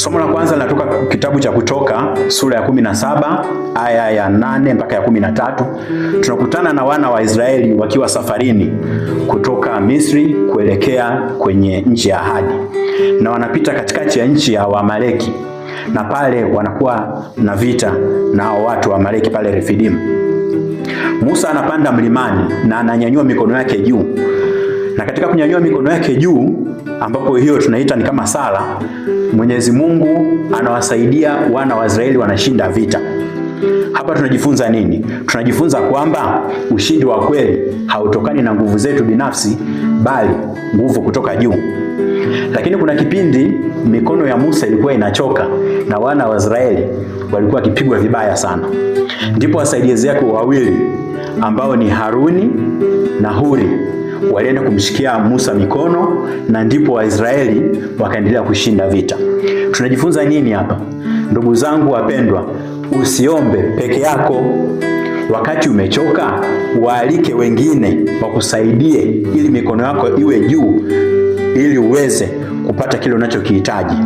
Somo la kwanza linatoka kitabu cha Kutoka sura ya 17 aya ya nane mpaka ya 13. Tunakutana na wana wa Israeli wakiwa safarini kutoka Misri kuelekea kwenye nchi ya ahadi, na wanapita katikati ya nchi ya wamaleki na pale wanakuwa na vita na watu wa Amaleki pale Refidimu. Musa anapanda mlimani na ananyanyua mikono yake juu na katika kunyanyua mikono yake juu, ambapo hiyo tunaita ni kama sala, Mwenyezi Mungu anawasaidia wana wa Israeli, wanashinda vita. Hapa tunajifunza nini? Tunajifunza kwamba ushindi wa kweli hautokani na nguvu zetu binafsi, bali nguvu kutoka juu. Lakini kuna kipindi mikono ya Musa ilikuwa inachoka na wana wa Israeli walikuwa wakipigwa vibaya sana, ndipo wasaidizi yake wawili ambao ni Haruni na Huri walienda kumshikia Musa mikono na ndipo Waisraeli wakaendelea kushinda vita. Tunajifunza nini hapa? Ndugu zangu wapendwa, usiombe peke yako. Wakati umechoka, waalike wengine wakusaidie, ili mikono yako iwe juu, ili uweze kupata kile unachokihitaji.